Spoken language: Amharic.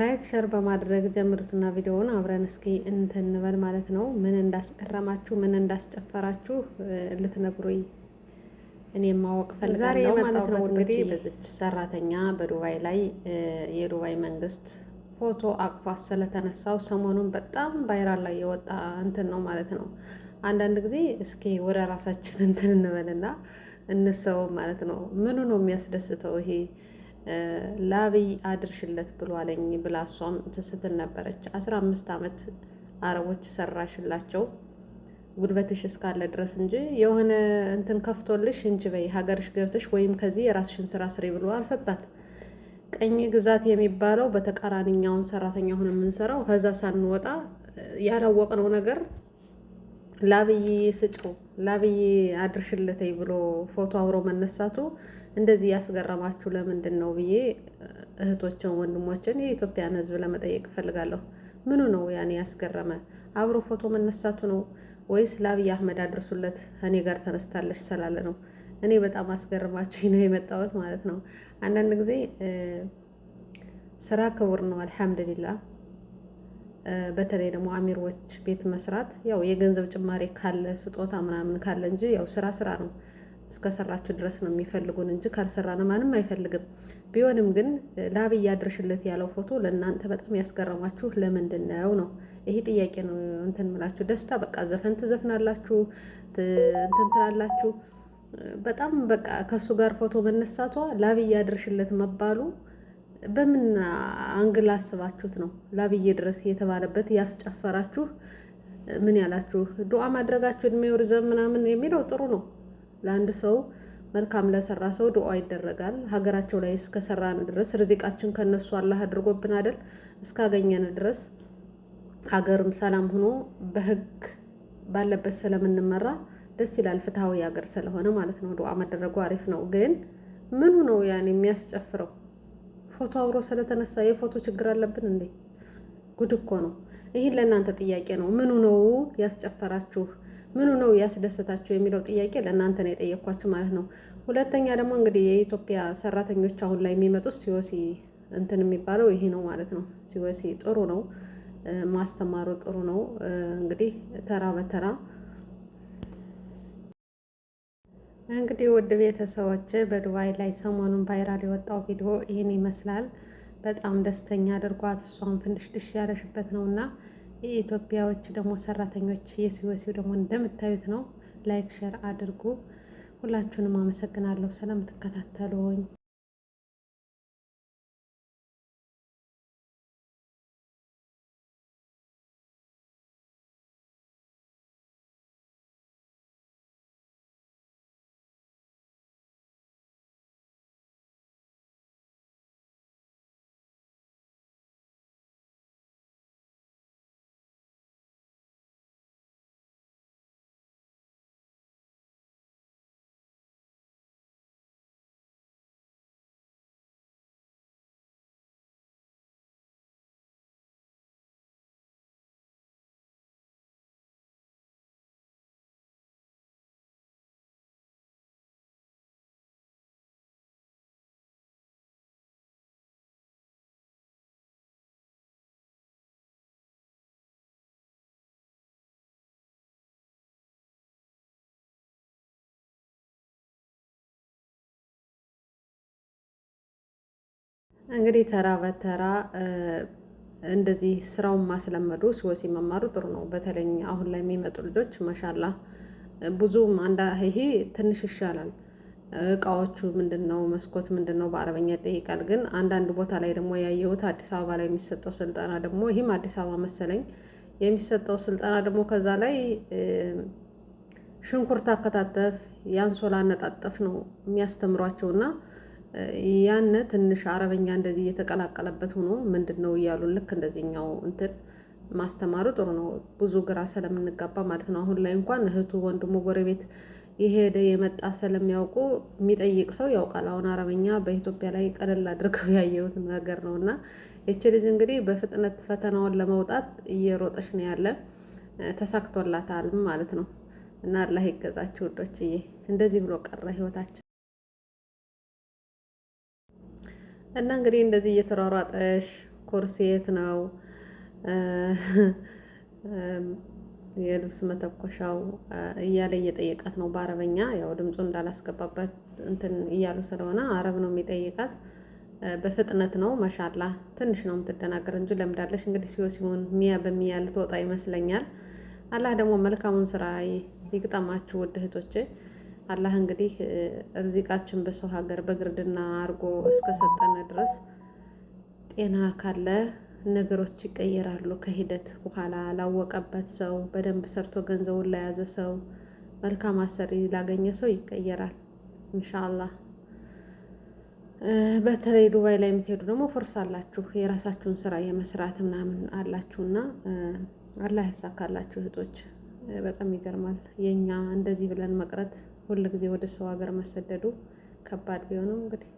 ላይክ ሸር በማድረግ ጀምሩትና ቪዲዮውን አብረን እስኪ እንትንበል ማለት ነው። ምን እንዳስቀረማችሁ ምን እንዳስጨፈራችሁ ልትነግሩኝ እኔ ማወቅ ፈልጋለሁ። ነው። እንግዲህ በዚች ሰራተኛ በዱባይ ላይ የዱባይ መንግስት ፎቶ አቅፏ ስለተነሳው ሰሞኑን በጣም ቫይራል ላይ የወጣ እንትን ነው ማለት ነው። አንዳንድ ጊዜ እስኪ ወደ ራሳችን እንትን እንበልና እንሰበው ማለት ነው። ምኑ ነው የሚያስደስተው ይሄ ላብይ አድርሽለት ብሏለኝ ብላ እሷም ትስትል ነበረች። አስራ አምስት ዓመት አረቦች ሰራሽላቸው ጉልበትሽ እስካለ ድረስ እንጂ የሆነ እንትን ከፍቶልሽ እንጂ በይ ሀገርሽ ገብተሽ ወይም ከዚህ የራስሽን ስራ ስሪ ብሎ አልሰጣት። ቀኝ ግዛት የሚባለው በተቃራኒኛውን ሰራተኛ ሁን የምንሰራው ከዛ ሳንወጣ ያላወቅነው ነገር ላብይ ስጭው ላብዬ አድርሽለተይ ብሎ ፎቶ አብሮ መነሳቱ እንደዚህ ያስገረማችሁ ለምንድን ነው ብዬ እህቶችን ወንድሞችን የኢትዮጵያን ሕዝብ ለመጠየቅ እፈልጋለሁ። ምኑ ነው ያኔ ያስገረመ? አብሮ ፎቶ መነሳቱ ነው ወይስ ለአብይ አህመድ አድርሱለት እኔ ጋር ተነስታለች ስላለ ነው? እኔ በጣም አስገርማችሁ ነው የመጣሁት ማለት ነው። አንዳንድ ጊዜ ስራ ክቡር ነው። አልሐምዱሊላህ በተለይ ደግሞ አሚሮች ቤት መስራት ያው የገንዘብ ጭማሪ ካለ ስጦታ ምናምን ካለ እንጂ ያው ስራ ስራ ነው። እስከሰራችሁ ድረስ ነው የሚፈልጉን እንጂ ካልሰራን ማንም አይፈልግም። ቢሆንም ግን ለአብይ ድርሽለት ያለው ፎቶ ለእናንተ በጣም ያስገረማችሁ ለምንድን ነው ነው? ይሄ ጥያቄ ነው። እንትን ምላችሁ ደስታ በቃ ዘፈን ትዘፍናላችሁ፣ እንትን ትላላችሁ። በጣም በቃ ከእሱ ጋር ፎቶ መነሳቷ ለአብይ ድርሽለት መባሉ በምን አንግል አስባችሁት ነው ላብዬ ድረስ የተባለበት ያስጨፈራችሁ? ምን ያላችሁ ዱዓ ማድረጋችሁ እድሜ ይርዘም ምናምን የሚለው ጥሩ ነው። ለአንድ ሰው መልካም ለሰራ ሰው ዱዓ ይደረጋል። ሀገራቸው ላይ እስከሰራን ድረስ ርዚቃችን ከነሱ አላህ አድርጎብን አይደል እስካገኘን ድረስ ሀገርም ሰላም ሆኖ በህግ ባለበት ስለምንመራ ደስ ይላል። ፍትሐዊ ሀገር ስለሆነ ማለት ነው ዱዓ መደረጉ አሪፍ ነው። ግን ምኑ ነው ያን የሚያስጨፍረው? ፎቶ አብሮ ስለተነሳ የፎቶ ችግር አለብን እንዴ? ጉድ እኮ ነው። ይህን ለእናንተ ጥያቄ ነው። ምኑ ነው ያስጨፈራችሁ? ምኑ ነው ያስደሰታችሁ? የሚለው ጥያቄ ለእናንተ ነው የጠየኳችሁ ማለት ነው። ሁለተኛ ደግሞ እንግዲህ የኢትዮጵያ ሰራተኞች አሁን ላይ የሚመጡት ሲወሲ እንትን የሚባለው ይሄ ነው ማለት ነው። ሲወሲ ጥሩ ነው ማስተማሩ ጥሩ ነው እንግዲህ ተራ በተራ እንግዲህ ውድ ቤተሰቦች በዱባይ ላይ ሰሞኑን ቫይራል የወጣው ቪዲዮ ይህን ይመስላል። በጣም ደስተኛ አድርጓት እሷን ፍንድሽድሽ ያለሽበት ነው እና የኢትዮጵያዎች ደግሞ ሰራተኞች የሲወሲው ደግሞ እንደምታዩት ነው። ላይክ ሸር አድርጉ። ሁላችሁንም አመሰግናለሁ ስለምትከታተሉኝ። እንግዲህ ተራ በተራ እንደዚህ ስራውን ማስለመዱ ሲወሲ መማሩ ጥሩ ነው። በተለይ አሁን ላይ የሚመጡ ልጆች ማሻላ ብዙም አንዳ ይሄ ትንሽ ይሻላል። እቃዎቹ ምንድን ነው መስኮት ምንድን ነው በአረበኛ ይጠይቃል። ግን አንዳንድ ቦታ ላይ ደግሞ ያየሁት አዲስ አበባ ላይ የሚሰጠው ስልጠና ደግሞ ይህም አዲስ አበባ መሰለኝ የሚሰጠው ስልጠና ደግሞ ከዛ ላይ ሽንኩርት አከታተፍ፣ የአንሶላ አነጣጠፍ ነው የሚያስተምሯቸውና ያነ ትንሽ አረበኛ እንደዚህ እየተቀላቀለበት ሆኖ ምንድን ነው እያሉ ልክ እንደዚህኛው እንትን ማስተማሩ ጥሩ ነው። ብዙ ግራ ስለምንጋባ ማለት ነው። አሁን ላይ እንኳን እህቱ፣ ወንድሙ፣ ጎረቤት የሄደ የመጣ ስለሚያውቁ የሚጠይቅ ሰው ያውቃል። አሁን አረበኛ በኢትዮጵያ ላይ ቀለል አድርገው ያየሁት ነገር ነው እና ይቺ ልጅ እንግዲህ በፍጥነት ፈተናውን ለመውጣት እየሮጠች ነው ያለ ተሳክቶላታልም ማለት ነው እና አላህ ይገዛችሁ ውዶችዬ። እንደዚህ ብሎ ቀረ ህይወታቸው። እና እንግዲህ እንደዚህ እየተሯሯጠሽ ኮርሴት ነው የልብስ መተኮሻው እያለ እየጠየቃት ነው በአረበኛ። ያው ድምፁ እንዳላስገባባት እንትን እያሉ ስለሆነ አረብ ነው የሚጠይቃት። በፍጥነት ነው መሻላ ትንሽ ነው የምትደናገር እንጂ ለምዳለሽ። እንግዲህ ሲሆ ሲሆን ሚያ በሚያ ልትወጣ ይመስለኛል። አላህ ደግሞ መልካሙን ስራ ይግጠማችሁ ውድ እህቶቼ። አላህ እንግዲህ እርዚቃችን በሰው ሀገር በግርድና አድርጎ እስከሰጠነ ድረስ ጤና ካለ ነገሮች ይቀየራሉ። ከሂደት በኋላ ላወቀበት ሰው በደንብ ሰርቶ ገንዘቡን ለያዘ ሰው መልካም አሰሪ ላገኘ ሰው ይቀየራል ኢንሻአላህ። በተለይ ዱባይ ላይ የምትሄዱ ደግሞ ፍርስ አላችሁ የራሳችሁን ስራ የመስራት ምናምን አላችሁና አላህ ያሳካላችሁ እህቶች። በጣም ይገርማል። የእኛ እንደዚህ ብለን መቅረት ሁልጊዜ ወደ ሰው ሀገር መሰደዱ ከባድ ቢሆንም እንግዲህ